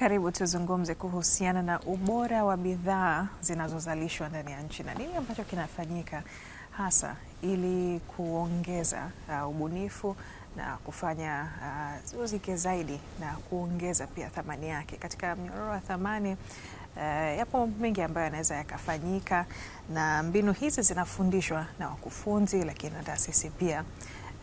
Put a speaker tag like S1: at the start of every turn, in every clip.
S1: Karibu tuzungumze kuhusiana na ubora wa bidhaa zinazozalishwa ndani ya nchi na nini ambacho kinafanyika hasa ili kuongeza uh, ubunifu na kufanya uh, zaidi na kuongeza pia thamani yake. Katika mnyororo wa thamani uh, yapo mengi ambayo yanaweza yakafanyika, na mbinu hizi zinafundishwa na wakufunzi, lakini na taasisi pia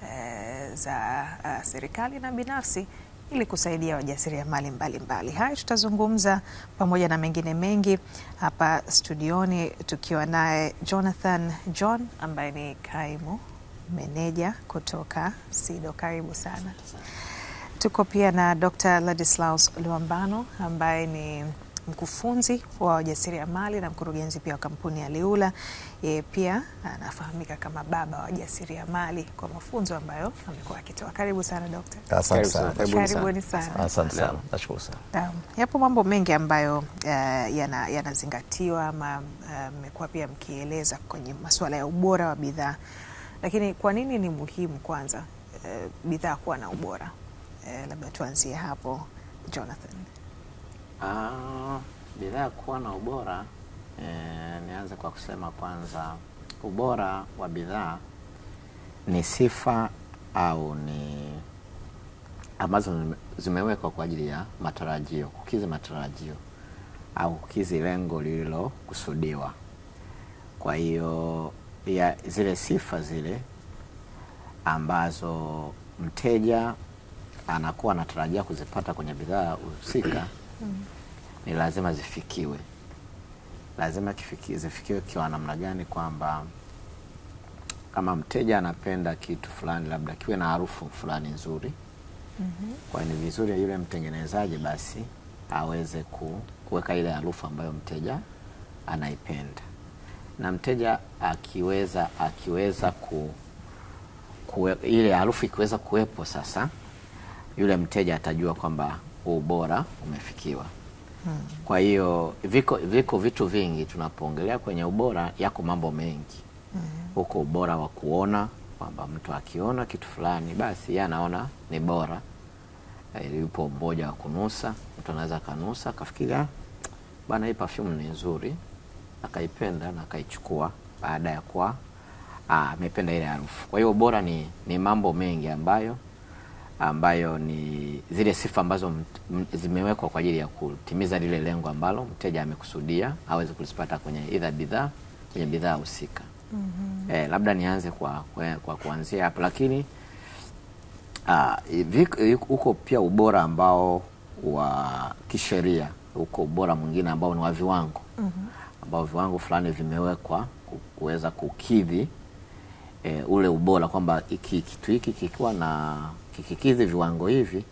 S1: uh, za uh, serikali na binafsi ili kusaidia wajasiriamali mbalimbali. Haya tutazungumza pamoja na mengine mengi hapa studioni tukiwa naye Jonathan John ambaye ni kaimu meneja kutoka SIDO. Karibu sana. Tuko pia na Dr. Ladislaus Luambano ambaye ni mkufunzi wa wajasiriamali na mkurugenzi pia wa kampuni ya liula Yeye pia anafahamika kama baba wa wajasiriamali kwa mafunzo ambayo amekuwa akitoa. Karibu sana dokta. Asante sana. Karibuni sana.
S2: Asante sana. Nashukuru sana.
S1: Yapo mambo mengi ambayo uh, yanazingatiwa yana ama eh, mmekuwa uh, pia mkieleza kwenye masuala ya ubora wa bidhaa, lakini kwa nini ni muhimu kwanza uh, bidhaa kuwa na ubora? Uh, labda tuanzie hapo Jonathan.
S3: Ah, bila bidhaa kuwa na ubora eh, nianze kwa kusema kwanza, ubora wa bidhaa ni sifa au ni ambazo zimewekwa kwa ajili ya matarajio, kukizi matarajio au kukizi lengo lililokusudiwa. Kwa hiyo ya zile sifa zile ambazo mteja anakuwa anatarajia kuzipata kwenye bidhaa husika Hmm. ni lazima zifikiwe, lazima kifiki, zifikiwe kiwa namna gani? Kwamba kama mteja anapenda kitu fulani, labda kiwe na harufu fulani nzuri mm -hmm. kwa ni vizuri yule mtengenezaji basi aweze ku, kuweka ile harufu ambayo mteja anaipenda, na mteja akiweza akiweza ku, kuwe, ile harufu ikiweza kuwepo sasa, yule mteja atajua kwamba ubora umefikiwa. Hmm. Kwa hiyo viko, viko vitu vingi tunapoongelea kwenye ubora, yako mambo mengi hmm. huko. Ubora wa kuona kwamba mtu akiona kitu fulani basi yeye anaona ni bora. Eh, yupo mmoja wa kunusa, mtu anaweza akanusa akafikiria bana, hii perfume ni nzuri, akaipenda na akaichukua baada ya kuwa ah, amependa ile harufu. Kwa hiyo ubora ni, ni mambo mengi ambayo ambayo ni zile sifa ambazo zimewekwa kwa ajili ya kutimiza lile lengo ambalo mteja amekusudia aweze kulipata kwenye idha bidhaa kwenye bidhaa husika. mm -hmm. Eh, labda nianze kwa, kwa, kwa kuanzia hapo, lakini huko ah, pia ubora ambao wa kisheria, huko ubora mwingine ambao ni wa viwango mm -hmm. ambao viwango fulani vimewekwa kuweza kukidhi eh, ule ubora kwamba kitu hiki kikiwa na kikikidhi viwango hivi,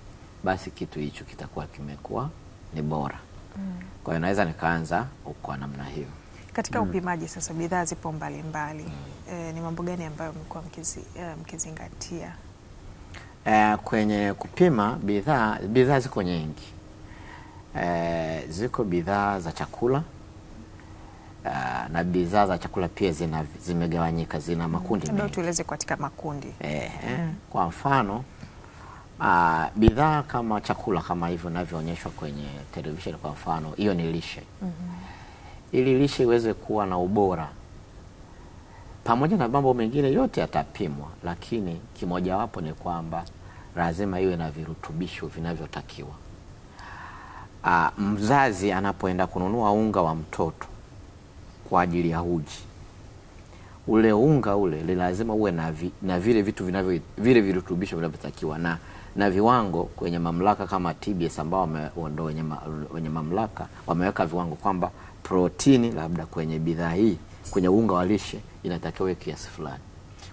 S3: basi kitu hicho kitakuwa kimekuwa ni bora mm. Kwa hiyo naweza nikaanza kwa namna hiyo
S1: katika mm. upimaji. Sasa bidhaa zipo mbalimbali mm. E, ni mambo gani ambayo e, mkizingatia
S3: e, kwenye kupima bidhaa? Bidhaa ziko nyingi e, ziko bidhaa za chakula e, na bidhaa za chakula pia zina zimegawanyika, zina makundi
S1: mengi. Tueleze katika makundi e,
S3: mm. Kwa mfano Uh, bidhaa kama chakula kama hivyo inavyoonyeshwa kwenye televisheni kwa mfano, hiyo ni lishe mm -hmm. Ili lishe iweze kuwa na ubora, pamoja na mambo mengine yote yatapimwa, lakini kimojawapo ni kwamba lazima iwe na virutubisho vinavyotakiwa. Uh, mzazi anapoenda kununua unga wa mtoto kwa ajili ya uji ule unga ule lazima uwe na, vi, na vile vitu vinavyo vile virutubisho vinavyotakiwa na na viwango kwenye mamlaka kama TBS ambao ndio wenye, ma, wenye mamlaka wameweka viwango kwamba protini labda kwenye bidhaa hii kwenye unga wa lishe inatakiwa kiasi fulani.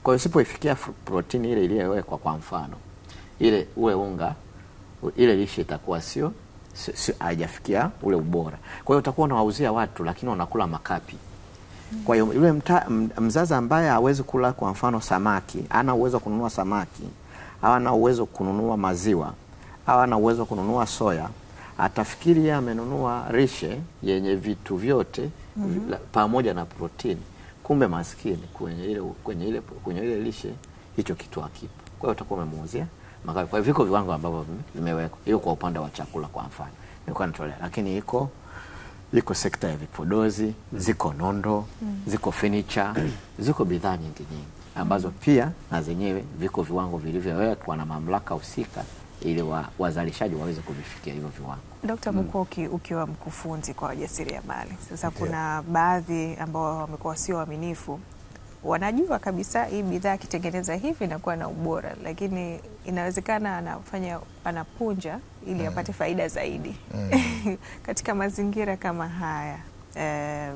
S3: Kwa hiyo usipoifikia protini ile iliyowekwa, kwa mfano ile ule unga ile lishe itakuwa sio haijafikia ule ubora. Kwa hiyo utakuwa unawauzia watu lakini wanakula makapi. Kwa hiyo yule mzazi ambaye hawezi kula kwa mfano samaki, ana uwezo wa kununua samaki hawana uwezo kununua maziwa, hawana uwezo kununua soya, atafikiri amenunua rishe yenye vitu vyote mm -hmm. pamoja na protini, kumbe maskini kwenye ile, kwenye ile, kwenye ile lishe hicho kitu akipo. Kwa hiyo utakuwa umemuuzia makapi. Kwa hiyo viko viwango ambavyo vimewekwa, hiyo kwa upande wa chakula kwa mfano nilikuwa natolea, lakini iko iko sekta ya vipodozi, mm. ziko nondo, mm. ziko furniture, ziko bidhaa nyingi nyingi ambazo pia na zenyewe viko viwango vilivyowekwa na mamlaka husika ili wa, wazalishaji waweze kuvifikia hivyo viwango.
S1: Dkt. Mm. Mkuu, mm. ukiwa mkufunzi kwa wajasiriamali sasa, Ndiyo. kuna baadhi ambao wamekuwa sio waaminifu, wanajua kabisa hii bidhaa akitengeneza hivi inakuwa na ubora, lakini inawezekana anafanya anapunja ili mm. apate faida zaidi mm. katika mazingira kama haya e,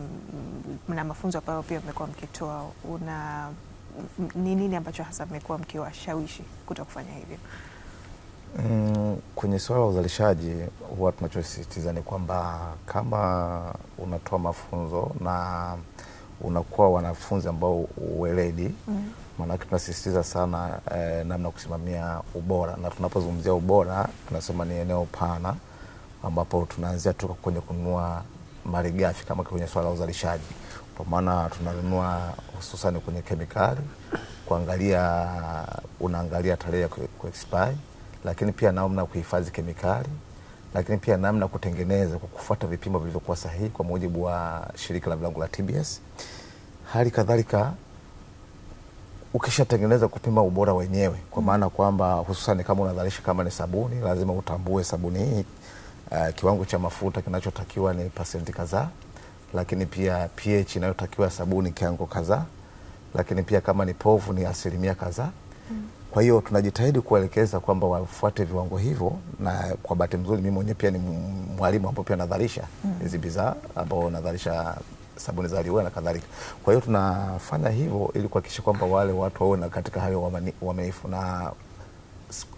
S1: na mafunzo ambayo pia mmekuwa mkitoa una ni nini ambacho hasa mmekuwa mkiwashawishi kuto kufanya hivyo?
S4: Mm, kwenye suala la uzalishaji huwa tunachosisitiza ni kwamba kama unatoa mafunzo na unakuwa wanafunzi ambao uweledi mm. tunasisitiza sana eh, namna kusimamia ubora, na tunapozungumzia ubora tunasema ni eneo pana ambapo tunaanzia tuka kwenye kununua malighafi kama kwenye swala la uzalishaji kwa maana tunanunua hususan kwenye kemikali kuangalia, unaangalia tarehe ya kuexpire, lakini pia namna ya kuhifadhi kemikali, lakini pia namna ya kutengeneza kwa kufuata vipimo vilivyokuwa sahihi kwa mujibu wa shirika la viwango la TBS. Hali kadhalika ukishatengeneza kupima ubora wenyewe, kwa mm. maana kwamba hususan kama unadharisha kama ni sabuni, lazima utambue sabuni hii, uh, kiwango cha mafuta kinachotakiwa ni pasenti kadhaa lakini pia pH inayotakiwa sabuni kiango kadhaa, lakini pia kama ni povu ni asilimia kadhaa. Mm. Kwa hiyo tunajitahidi kuelekeza kwamba wafuate viwango hivyo, na kwa bahati nzuri mimi mwenyewe pia ni mwalimu ambao pia nadharisha mm. hizi mm. bidhaa ambao nadharisha sabuni za Aliwea na kadhalika. Kwa hiyo tunafanya hivyo ili kuhakikisha kwamba wale watu wawe na katika hayo wameifu, na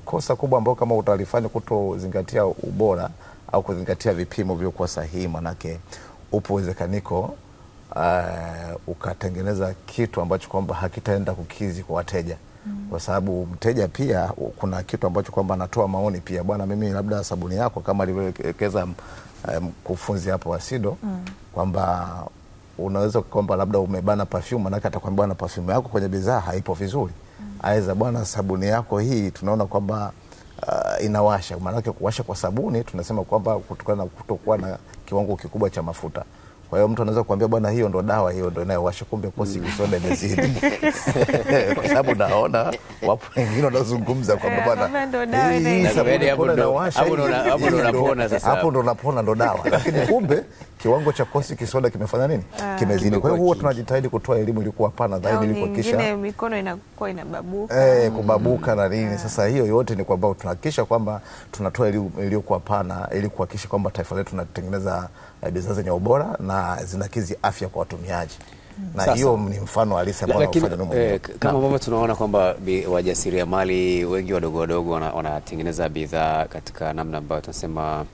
S4: kosa kubwa ambao kama utalifanya kutozingatia ubora au kuzingatia vipimo vilivyokuwa sahihi, manake upo uwezekaniko uh, ukatengeneza kitu ambacho kwamba hakitaenda kukizi kwa wateja mm. kwa sababu mteja pia kuna kitu ambacho kwamba anatoa maoni pia, bwana, mimi labda sabuni yako kama alivyoelekeza um, mkufunzi um, hapo Wasido mm. kwamba unaweza kwamba labda umebana perfume, manake atakwambia na perfume yako kwenye bidhaa haipo vizuri mm. aweza bwana, sabuni yako hii tunaona kwamba Uh, inawasha. Maanake kuwasha kwa sabuni tunasema kwamba kutokana na kutokuwa na kiwango kikubwa cha mafuta. Kwa hiyo mtu anaweza kuambia bwana, hiyo ndo dawa, hiyo ndo inayowasha. Kumbe kosi kisoda imezidi, kwa sababu naona wapo wengine wanazungumza kwamba bwana, hapo ndo napona, ndo dawa, lakini kumbe kiwango cha kosi kisoda kimefanya nini, ah. kimezidi. Kwa hiyo huwa tunajitahidi kutoa elimu ili kuwapana zaidi, ili kuhakikisha
S1: mikono inakuwa inababuka
S4: eh, mm. kubabuka na nini. Ah. Sasa hiyo yote ni kwamba tunahakikisha kwamba tunatoa elimu iliyokuwa pana, ili kuhakikisha kwamba taifa letu tunatengeneza eh, bidhaa zenye ubora na zinakizi afya kwa watumiaji mm. na hiyo ni mfano halisi ambao unaofanya
S2: eh, kama ambavyo tunaona kwamba wajasiriamali wengi wadogo wadogo wanatengeneza bidhaa katika namna ambayo tunasema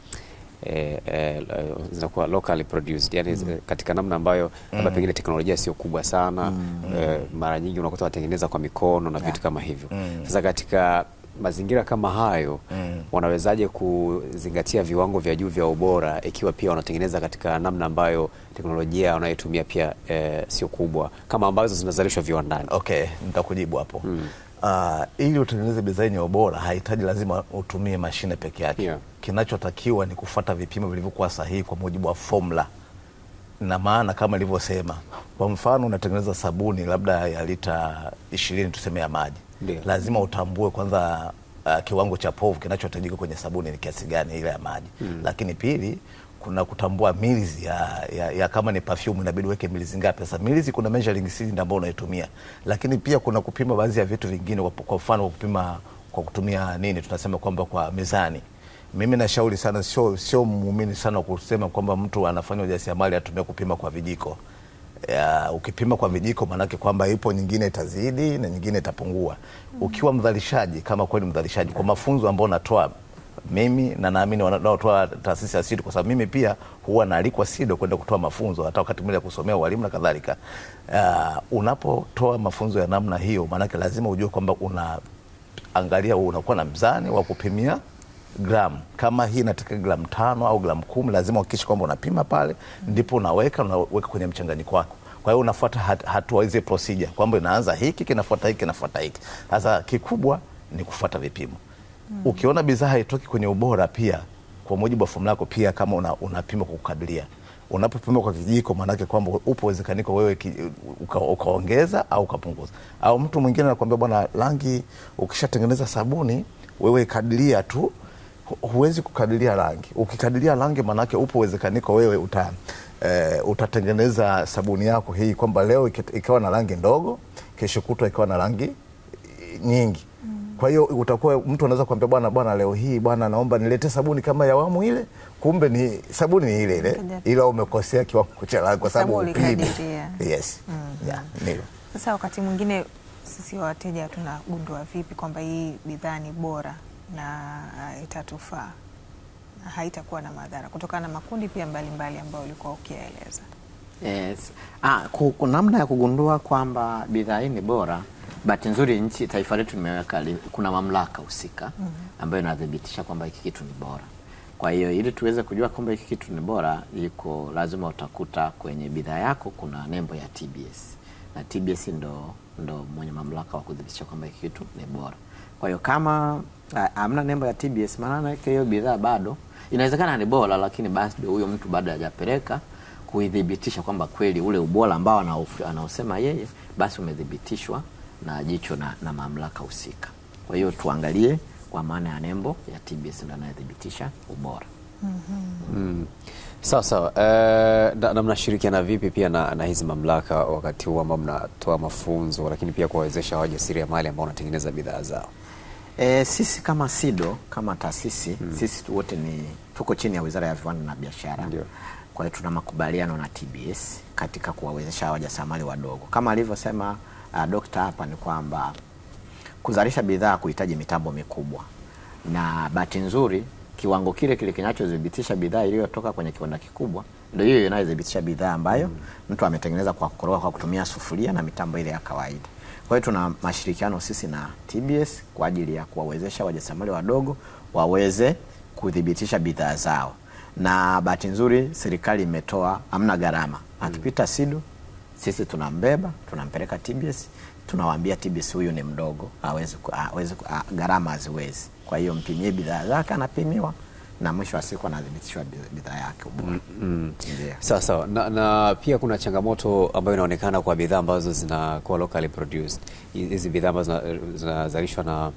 S2: eh, eh, zinakuwa locally produced yani mm. katika namna ambayo labda mm. pengine teknolojia sio kubwa sana mm. eh, mara nyingi unakuta watengeneza kwa mikono na vitu yeah. kama hivyo mm. Sasa katika mazingira kama hayo mm. wanawezaje kuzingatia viwango vya juu vya ubora ikiwa pia wanatengeneza katika namna ambayo teknolojia wanayotumia pia eh, sio kubwa kama ambazo zinazalishwa viwandani?
S4: Okay, nitakujibu hapo mm uh, ili utengeneze bidhaa ya ubora haihitaji lazima utumie mashine peke yake yeah. Kinachotakiwa ni kufata vipimo vilivyokuwa sahihi kwa mujibu wa formula na maana kama ilivyosema, kwa mfano unatengeneza sabuni labda ya lita ishirini tuseme ya maji yeah. Lazima utambue kwanza uh, kiwango cha povu kinachohitajika kwenye sabuni ni kiasi gani ile ya maji mm. Lakini pili kuna kutambua milizi ya, ya, ya kama ni perfume inabidi uweke milizi ngapi. Sasa milizi kuna measuring system ambayo unaitumia, lakini pia kuna kupima baadhi ya vitu vingine, kwa, kwa mfano kwa kupima kwa kutumia nini tunasema kwamba kwa mizani. Mimi nashauri sana, sio sio muumini sana kusema kwamba mtu anafanya ujasiriamali atumie kupima kwa vijiko. Ya, ukipima kwa vijiko maanake kwamba ipo nyingine itazidi na nyingine itapungua. Mm. Ukiwa mdhalishaji kama kweli mdhalishaji, kwa mafunzo ambayo natoa mimi na naamini wanaotoa taasisi ya SIDO, kwa sababu mimi pia huwa naalikwa SIDO kwenda kutoa mafunzo hata wakati mwingine ya kusomea walimu na kadhalika. Uh, unapotoa mafunzo ya namna hiyo, maanake lazima ujue kwamba unaangalia, unakuwa na mzani wa kupimia gramu kama hii inataka gramu tano au gramu kumi, lazima uhakikishe kwamba unapima pale, ndipo unaweka unaweka kwenye mchanganyiko wako. Kwa hiyo unafuata hatua hizi procedure kwamba inaanza hiki kinafuata hiki kinafuata hiki. Sasa kikubwa ni kufuata vipimo mm. ukiona bidhaa haitoki kwenye ubora, pia kwa mujibu wa fomu lako, pia kama una, unapima kwa kukadiria unapopima kwa kijiko, maanake kwamba upo uwezekaniko wewe ukaongeza uka au ukapunguza, au mtu mwingine anakuambia bwana, rangi ukishatengeneza sabuni wewe kadiria tu, huwezi kukadiria rangi. Ukikadiria rangi, maanake upo uwezekaniko wewe uta, e, utatengeneza sabuni yako hii kwamba leo ikawa na rangi ndogo, kesho kutwa ikawa na rangi nyingi. Kwa hiyo utakuwa mtu anaweza kuambia bwana bwana, leo hii bwana, naomba nilete sabuni kama ya awamu ile, kumbe ni sabuni ni ile ile, ila umekosea kiwango cha kwa sababu upimi Yes. Mm -hmm. Yeah, ndio.
S1: Sasa wakati mwingine sisi wateja tunagundua vipi kwamba hii bidhaa ni bora na uh, itatufaa na haitakuwa na madhara kutokana na makundi pia mbalimbali ambayo ulikuwa ukieleza
S3: Yes. Ah, namna ya kugundua kwamba bidhaa hii ni bora Bahati nzuri nchi taifa letu limeweka kuna mamlaka husika mhm. ambayo inathibitisha kwamba hiki kitu ni bora. Kwa hiyo ili tuweze kujua kwamba hiki kitu ni bora, iko lazima utakuta kwenye bidhaa yako kuna nembo ya TBS na TBS ndo, ndo mwenye mamlaka wa kuthibitisha kwamba hiki kitu ni bora. Kwa hiyo kama hamna nembo ya TBS, maana yake hiyo bidhaa bado inawezekana ni bora, lakini basi huyo mtu bado hajapeleka kuidhibitisha kwamba kweli ule ubora ambao anaosema yeye basi umethibitishwa na jicho na, na mamlaka husika. Kwa hiyo tuangalie kwa maana ya nembo ya TBS ndio anayethibitisha ubora. mm -hmm.
S2: mm. Sawa sawa. Eh, na mnashirikiana vipi pia na, na hizi mamlaka wakati huu ambao mnatoa mafunzo lakini pia kuwawezesha wajasiriamali ambao wanatengeneza bidhaa zao?
S3: E, sisi kama SIDO kama taasisi mm. sisi wote ni tuko chini ya Wizara ya Viwanda na Biashara. Kwa hiyo tuna makubaliano na TBS katika kuwawezesha wajasiriamali wadogo kama alivyosema uh, dokta hapa ni kwamba kuzalisha bidhaa kuhitaji mitambo mikubwa, na bahati nzuri kiwango kile kile kinachodhibitisha bidhaa iliyotoka kwenye kiwanda kikubwa ndio hiyo inayodhibitisha bidhaa ambayo mm. mtu ametengeneza kwa kukoroga kwa kutumia sufuria na mitambo ile ya kawaida. Kwa hiyo tuna mashirikiano sisi na TBS kwa ajili ya kuwawezesha wajasiriamali wadogo waweze kuthibitisha bidhaa zao, na bahati nzuri serikali imetoa amna gharama, mm. akipita SIDU sisi tunambeba, tunampeleka TBS, tunawaambia TBS huyu ni mdogo, hawezi hawezi, ah, gharama haziwezi. Kwa hiyo mpimie bidhaa zake, anapimiwa na mwisho wa siku anathibitishwa bidhaa yake ubora. mm
S2: Yeah. Mm. Sawa sawa na, na pia kuna changamoto ambayo inaonekana kwa bidhaa ambazo zinakuwa locally produced, hizi bidhaa ambazo zinazalishwa na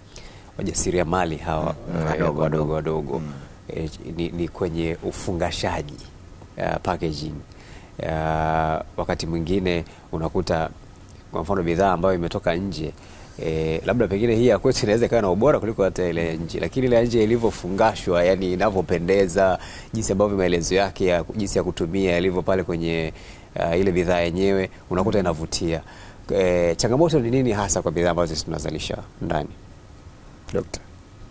S2: wajasiriamali hawa mm, eh, wadogo wadogo wadogo, mm. eh, ni kwenye ufungashaji, uh, packaging ya wakati mwingine unakuta kwa mfano bidhaa ambayo imetoka nje E, labda pengine hii ya kwetu inaweza ikawa na ubora kuliko hata ile nje, lakini ile nje ilivyofungashwa, yani inavyopendeza, jinsi ambavyo maelezo yake ya jinsi ya kutumia yalivyo pale kwenye uh, ile bidhaa yenyewe unakuta inavutia. E, changamoto ni nini hasa kwa bidhaa ambazo sisi tunazalisha ndani? Dokta.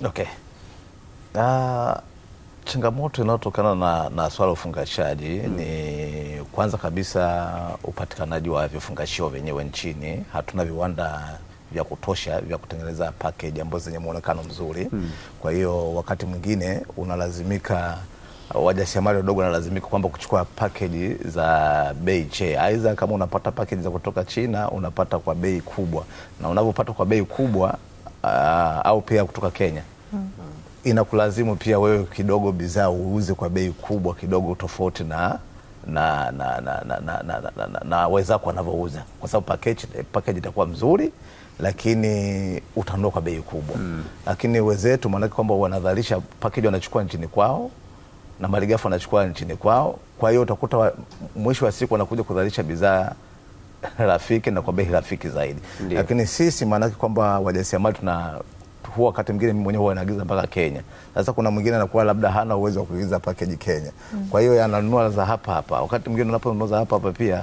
S4: Okay. Uh, changamoto inayotokana na, na swala ufungashaji hmm. ni kwanza kabisa upatikanaji wa vifungashio vyenyewe nchini, hatuna viwanda vya kutosha vya kutengeneza package ambazo zenye mwonekano mzuri hmm. Kwa hiyo wakati mwingine unalazimika wajasiriamali wadogo wanalazimika kwamba kuchukua package za bei che, aidha kama unapata package za kutoka China unapata kwa bei kubwa, na unavyopata kwa bei kubwa uh, au pia kutoka Kenya -hmm. Inakulazimu pia wewe kidogo bidhaa uuze kwa bei kubwa kidogo tofauti na na na na na, na, na, na, na, na wenzako wanavyouza, kwa sababu package package itakuwa mzuri, lakini utanunua kwa bei kubwa mm. Lakini wenzetu maanake kwamba wanadhalisha package wanachukua nchini kwao na malighafi wanachukua nchini kwao, kwa hiyo utakuta mwisho wa siku wanakuja kudhalisha bidhaa rafiki na kwa bei rafiki zaidi. Ndiyo. Lakini sisi maanake kwamba wajasiriamali tuna huwa wakati mwingine mimi mwenyewe huwa naagiza mpaka Kenya. Sasa kuna mwingine anakuwa labda hana uwezo wa kuagiza package Kenya, Mm. kwa hiyo ananunua za hapa hapa. Wakati mwingine unaponunua za hapa hapa pia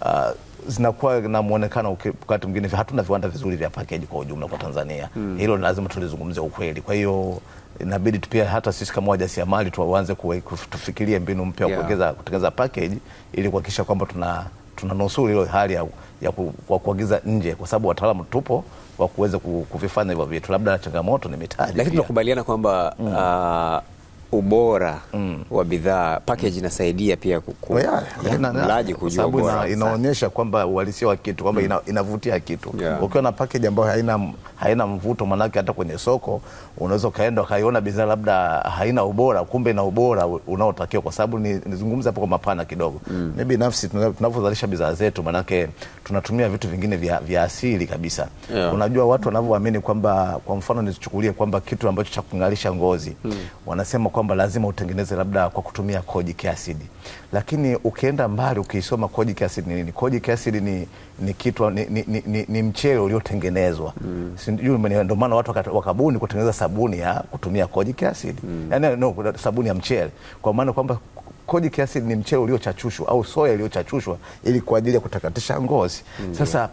S4: uh, zinakuwa na muonekano wakati mwingine, hatuna viwanda vizuri vya package kwa ujumla kwa Tanzania. Mm. Hilo lazima tulizungumzie ukweli, kwa hiyo inabidi pia hata sisi kama wajasiriamali tuanze kufikiria mbinu mpya yeah, kuongeza kutengeneza package ili kuhakikisha kwamba tuna tunanusuru ile hali ya, ya kuagiza nje, kwa sababu wataalamu tupo wa kuweza kuvifanya hivyo vitu, labda changamoto ni mitaji.
S2: Lakini tunakubaliana kwamba mm. uh, ubora mm. wa bidhaa package mm. inasaidia pia kuku, yeah,
S4: yeah. Na, mlaji kujua bora, inaonyesha kwamba uhalisia wa kitu kwamba mm. ina, inavutia kitu yeah. Ukiwa na package ambayo haina, haina mvuto, manake hata kwenye soko unaweza ukaenda ukaiona bidhaa labda haina ubora, kumbe ina ubora unaotakiwa, kwa sababu nizungumza hapo kwa mapana kidogo mm. Mi binafsi tunavyozalisha bidhaa zetu, manake tunatumia vitu vingine vya, vya asili kabisa yeah. Unajua watu wanavyoamini kwamba, kwa mfano nichukulie kwamba kitu ambacho cha kung'alisha ngozi mm. wanasema kwamba kwamba lazima utengeneze labda kwa kutumia kojic acid, lakini ukienda mbali ukiisoma kojic acid ni nini? Kojic acid ni, ni, kitu, ni, ni, ni, ni mchele uliotengenezwa mm. Sijui ndio maana watu wakabuni kutengeneza sabuni ya kutumia kojic acid mm. Yani, no, sabuni ya mchele kwa maana kwamba kojic acid ni mchele uliochachushwa au soya iliyochachushwa ili kwa ajili ya kutakatisha ngozi mm. Sasa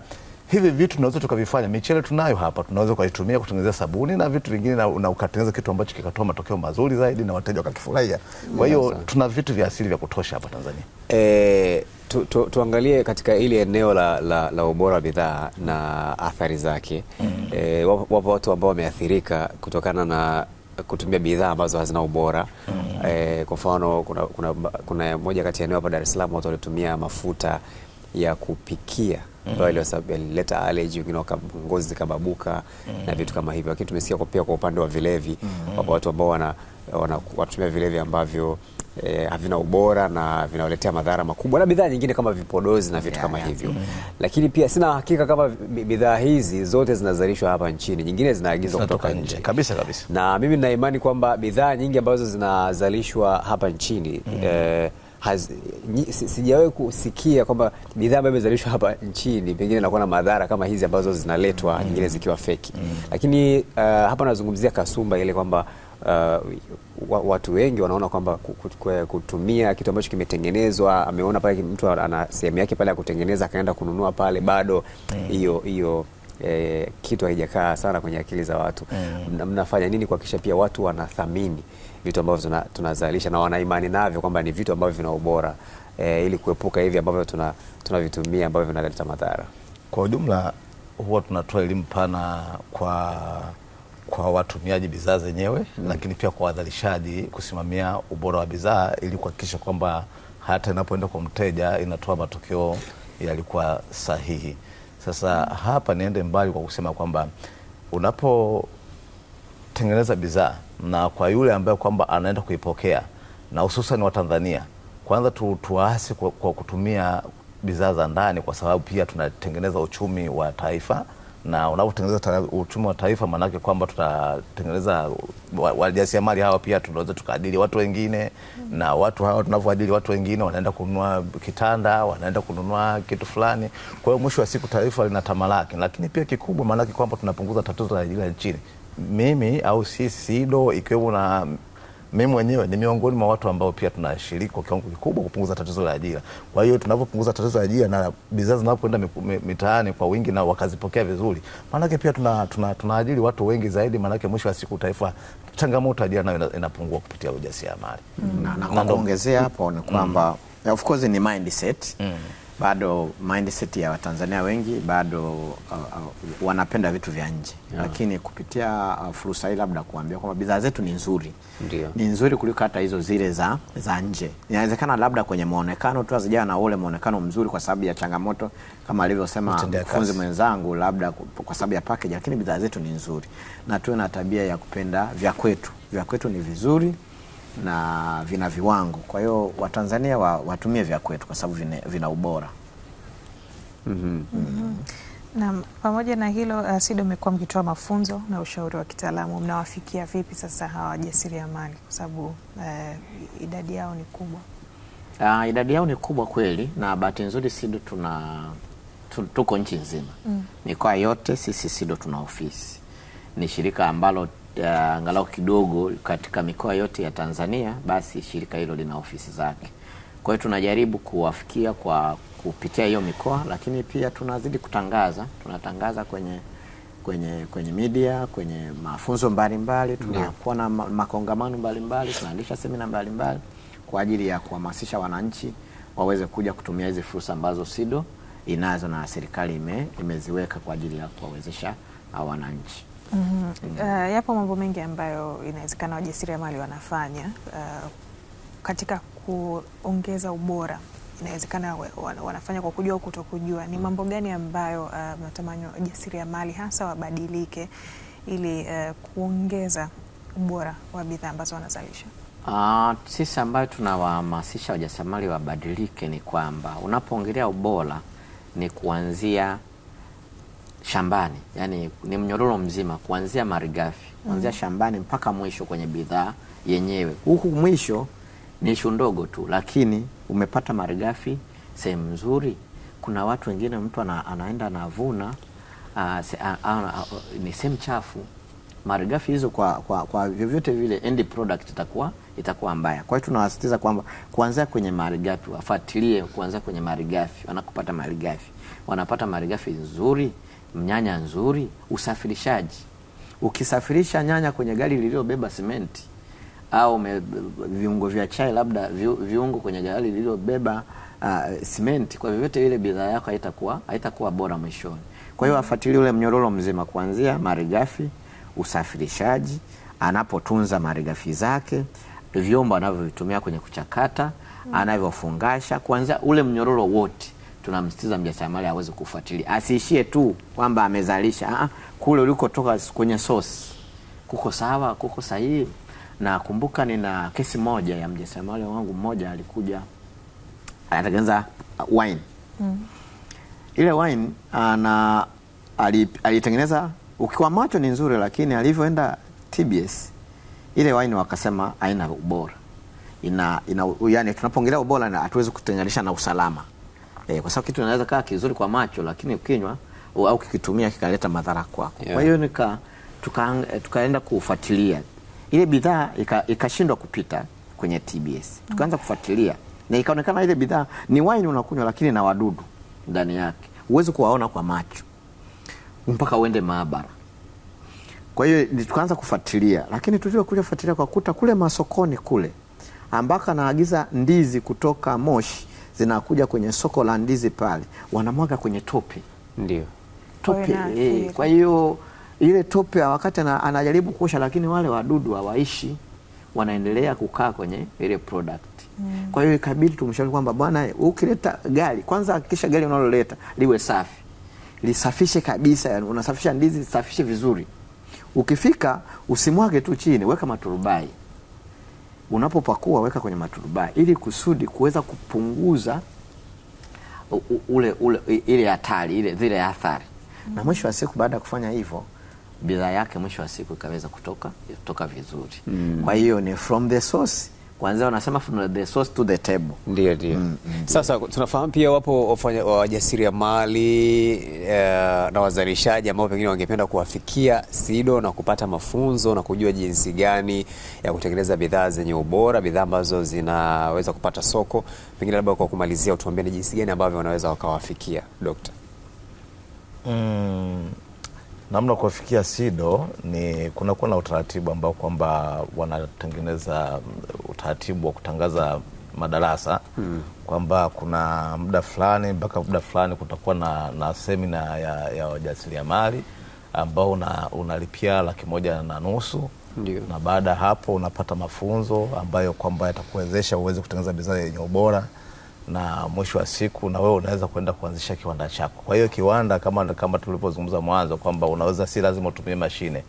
S4: hivi vitu tunaweza tukavifanya. Michele tunayo hapa, tunaweza ukaitumia kutengeneza sabuni na vitu vingine, na, na ukatengeneza kitu ambacho kikatoa matokeo mazuri zaidi na wateja wakakifurahia. Kwa hiyo tuna vitu vya asili vya kutosha hapa Tanzania. E,
S2: tu, tu, tuangalie katika ili eneo la, la, la ubora wa bidhaa na athari zake. Mm. E, wapo watu ambao wameathirika kutokana na kutumia bidhaa ambazo hazina ubora mm. E, kwa mfano kuna, kuna, kuna moja kati ya eneo hapa Dar es Salaam watu walitumia mafuta ya kupikia mm. ambayo -hmm. ilileta allergy, wengine ngozi zikababuka mm na vitu kama hivyo. Lakini tumesikia pia kwa upande wa vilevi mm -hmm. wapo watu ambao wana, wana, wanatumia vilevi ambavyo eh, havina ubora na vinawaletea madhara makubwa na bidhaa nyingine kama vipodozi na vitu yeah, kama yeah. hivyo mm Lakini pia sina hakika kama bidhaa hizi zote zinazalishwa hapa nchini, nyingine zinaagizwa kutoka nje
S4: kabisa kabisa,
S2: na mimi nina imani kwamba bidhaa nyingi ambazo zinazalishwa hapa nchini mm eh, sijawahi kusikia kwamba bidhaa ambayo imezalishwa hapa nchini pengine inakuwa na madhara kama hizi ambazo zinaletwa mm. nyingine zikiwa feki mm. Lakini uh, hapa nazungumzia kasumba ile kwamba uh, watu wengi wanaona kwamba kutumia kitu ambacho kimetengenezwa, ameona pale mtu ana sehemu yake pale ya kutengeneza, akaenda kununua pale, bado mm. hiyo mm. hiyo eh, kitu haijakaa sana kwenye akili za watu mm. Mnafanya nini kuhakikisha pia watu wanathamini vitu ambavyo tunazalisha tuna na wanaimani navyo kwamba ni vitu ambavyo vina ubora e, ili kuepuka hivi ambavyo tunavitumia tuna ambavyo vinaleta madhara.
S4: Kwa ujumla huwa tunatoa elimu pana kwa kwa watumiaji bidhaa zenyewe mm. Lakini pia kwa wadhalishaji kusimamia ubora wa bidhaa ili kuhakikisha kwamba hata inapoenda kwa mteja inatoa matokeo yalikuwa sahihi. Sasa hapa niende mbali kwa kusema kwamba unapo kutengeneza bidhaa na kwa yule ambaye kwamba anaenda kuipokea na hususan Watanzania, kwanza tu, tuwaasi kwa, kwa kutumia bidhaa za ndani, kwa sababu pia tunatengeneza uchumi wa taifa, na unapotengeneza uchumi wa taifa maanake kwamba tutatengeneza wajasiriamali hawa, pia tunaweza tukaadili watu wengine mm. na watu hawa tunavyoadili watu wengine wanaenda kununua kitanda, wanaenda kununua kitu fulani. Kwa hiyo mwisho wa siku taifa lina linatamalaki, lakini pia kikubwa maanake kwamba tunapunguza tatizo la ajira nchini mimi au sisi do ikiwemo na mimi mwenyewe ni miongoni mwa watu ambao pia tunashiriki kwa kiwango kikubwa kupunguza tatizo la ajira. Kwa hiyo tunapopunguza tatizo la ajira na bidhaa zinapoenda mitaani kwa wingi na wakazipokea vizuri, maanake pia tuna, tuna, tunaajiri watu wengi zaidi, maanake mwisho wa siku taifa changamoto ajira nayo inapungua kupitia ujasiriamali.
S3: Mm. Na, na, na kuongezea hapo ni mm. kwamba mm. of course ni mindset mm bado mindset ya Watanzania wengi bado uh, uh, wanapenda vitu vya nje yeah. Lakini kupitia uh, fursa hii labda kuambia kwamba bidhaa zetu ni nzuri Ndiyo. Ni nzuri kuliko hata hizo zile za, za nje. Inawezekana labda kwenye muonekano tu hazijawa na ule muonekano mzuri kwa sababu ya changamoto kama alivyosema mfunzi mwenzangu, labda kwa sababu ya package, lakini bidhaa zetu ni nzuri, na tuwe na tabia ya kupenda vya kwetu. Vya kwetu ni vizuri na vina viwango. Kwa hiyo Watanzania wa, watumie vya kwetu kwa sababu vina, vina ubora mm
S1: -hmm. Mm -hmm. Na pamoja na hilo uh, SIDO umekuwa mkitoa mafunzo na ushauri wa kitaalamu, mnawafikia vipi sasa hawa wajasiriamali kwa sababu uh, idadi yao ni kubwa?
S3: Uh, idadi yao ni kubwa kweli, na bahati nzuri SIDO tuna tuko nchi nzima mm. Mikoa yote sisi SIDO tuna ofisi. Ni shirika ambalo Uh, angalau kidogo katika mikoa yote ya Tanzania, basi shirika hilo lina ofisi zake. Kwa hiyo tunajaribu kuwafikia kwa kupitia hiyo mikoa, lakini pia tunazidi kutangaza, tunatangaza kwenye kwenye kwenye media, kwenye mafunzo mbalimbali, tunakuwa na makongamano mbalimbali, tunaandisha semina mbalimbali kwa ajili ya kuhamasisha wananchi waweze kuja kutumia hizi fursa ambazo SIDO inazo na serikali ime, imeziweka kwa ajili ya kuwawezesha wananchi. Mm
S1: -hmm. Uh, yapo mambo mengi ambayo inawezekana wajasiriamali wanafanya uh, katika kuongeza ubora inawezekana wanafanya kwa kujua au kutokujua. Ni mambo gani ambayo eh, mnatamani uh, wajasiriamali hasa wabadilike ili uh, kuongeza ubora wa bidhaa ambazo wanazalisha?
S3: Uh, sisi ambayo tunawahamasisha wajasiriamali wabadilike ni kwamba unapoongelea ubora ni kuanzia shambani, yani ni mnyororo mzima kuanzia malighafi kuanzia mm. shambani mpaka mwisho kwenye bidhaa yenyewe. Huku mwisho ni ishu ndogo tu, lakini umepata malighafi sehemu nzuri. Kuna watu wengine, mtu ana, anaenda anavuna ni sehemu chafu. Malighafi hizo kwa, kwa, kwa vyovyote vile end product itakuwa itakuwa mbaya. Kwa hiyo tunawasitiza kwamba kuanzia kwenye malighafi wafuatilie, kuanzia kwenye malighafi wanakupata malighafi, wanapata malighafi nzuri nyanya nzuri, usafirishaji. Ukisafirisha nyanya kwenye gari lililobeba simenti au me, viungo vya chai labda vi, viungo kwenye gari lililobeba ah, simenti, kwa vyovyote vile bidhaa yako haitakuwa haitakuwa bora mwishoni. Kwa hiyo afuatilie ule mnyororo mzima kuanzia malighafi, usafirishaji, anapotunza malighafi zake, vyombo anavyovitumia kwenye kuchakata, anavyofungasha, kuanzia ule mnyororo wote tunamsitiza mjasiriamali aweze kufuatilia, asiishie tu kwamba amezalisha. Aa, ah, ah, kule ulikotoka kwenye source kuko sawa, kuko sahihi. Na kumbuka nina kesi moja ya mjasiriamali wangu mmoja alikuja anatengeneza wine mm. Ile wine ana alitengeneza ukiwa macho ni nzuri, lakini alivyoenda TBS ile wine wakasema haina ubora ina, ina, yani tunapoongelea ubora hatuwezi kutenganisha na usalama eh, kwa sababu kitu inaweza kaa kizuri kwa macho lakini ukinywa au kikitumia kikaleta madhara kwako. Yeah. Kwa hiyo nika tukaenda tuka kufuatilia ile bidhaa ikashindwa ika kupita kwenye TBS, tukaanza kufuatilia na ikaonekana ile bidhaa ni wine unakunywa, lakini na wadudu ndani yake huwezi kuwaona kwa macho mpaka uende maabara. Kwa hiyo tukaanza kufuatilia, lakini tulivyokuja kufuatilia kwa kuta kule masokoni kule ambako anaagiza ndizi kutoka Moshi zinakuja kwenye soko la ndizi pale, wanamwaga kwenye tope, ndio tope. Kwa hiyo eh, ile tope wakati anajaribu kuosha, lakini wale wadudu hawaishi, wanaendelea kukaa kwenye ile product mm. Kwa hiyo ikabidi tumshauri kwamba bwana, ukileta gari kwanza hakikisha gari unaloleta liwe safi, lisafishe kabisa. Yani unasafisha ndizi, safishe vizuri. Ukifika usimwage tu chini, weka maturubai unapopakua weka kwenye maturubai ili kusudi kuweza kupunguza ule, ule, ile hatari ile zile athari mm -hmm. Na mwisho wa siku baada ya kufanya hivyo bidhaa yake mwisho wa siku ikaweza kutoka kutoka vizuri mm -hmm. Kwa hiyo ni from the source kwanza wanasema from the source to the table.
S2: Ndio, ndio. Mm, mm, sasa tunafahamu pia wapo wajasiriamali uh, na wazalishaji ambao pengine wangependa kuwafikia SIDO na kupata mafunzo na kujua jinsi gani ya kutengeneza bidhaa zenye ubora, bidhaa ambazo zinaweza kupata soko. Pengine labda kwa kumalizia, utuambie ni jinsi gani ambavyo wanaweza wakawafikia Dokta?
S4: Mm, Namna kuwafikia SIDO ni kunakuwa na utaratibu ambao kwamba wanatengeneza utaratibu wa kutangaza madarasa hmm. kwamba kuna muda fulani mpaka muda fulani kutakuwa na, na semina ya wajasiriamali ambao unalipia una laki moja na nusu Ndiyo. na baada ya hapo unapata mafunzo ambayo kwamba yatakuwezesha uweze kutengeneza bidhaa yenye ubora na mwisho wa siku na wewe unaweza kwenda kuanzisha kiwanda chako. Kwa hiyo kiwanda kama, kama tulivyozungumza mwanzo kwamba unaweza si lazima utumie mashine,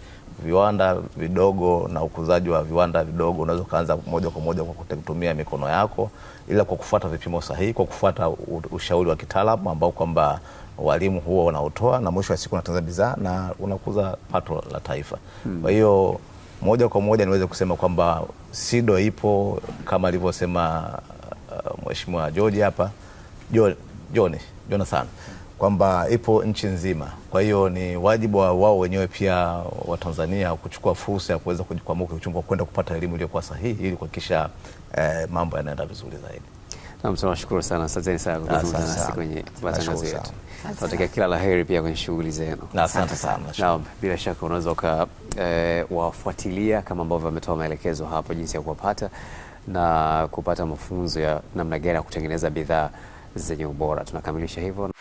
S4: viwanda vidogo na ukuzaji wa viwanda vidogo unaweza ukaanza moja kwa moja kwa kutumia mikono yako, ila kwa kufuata vipimo sahihi, kwa kufuata ushauri wa kitaalamu ambao kwamba walimu huwa wanaotoa, na mwisho wa siku unatangaza bidhaa na unakuza pato la taifa. Hmm. Kwa hiyo moja kwa moja niweze kusema kwamba SIDO ipo kama alivyosema Uh, Mheshimiwa George hapa John, Jonathan kwamba ipo nchi nzima. Kwa hiyo ni wajibu wa wao wenyewe pia wa Tanzania kuchukua fursa ya kuweza kujikwamua kiuchumi, kwenda kupata elimu iliyokuwa sahihi ili kuhakikisha eh, mambo yanaenda vizuri zaidi.
S2: Naam, tunawashukuru sana. Asanteni sana kwa kuzungumza nasi kwenye
S4: matangazo yetu.
S2: Tunatakia kila la heri pia kwenye shughuli zenu.
S4: Asante sana.
S2: Naam, bila shaka unaweza ukawafuatilia eh, kama ambavyo ametoa maelekezo hapo jinsi ya kuwapata na kupata mafunzo ya namna gani ya kutengeneza bidhaa zenye ubora. Tunakamilisha hivyo.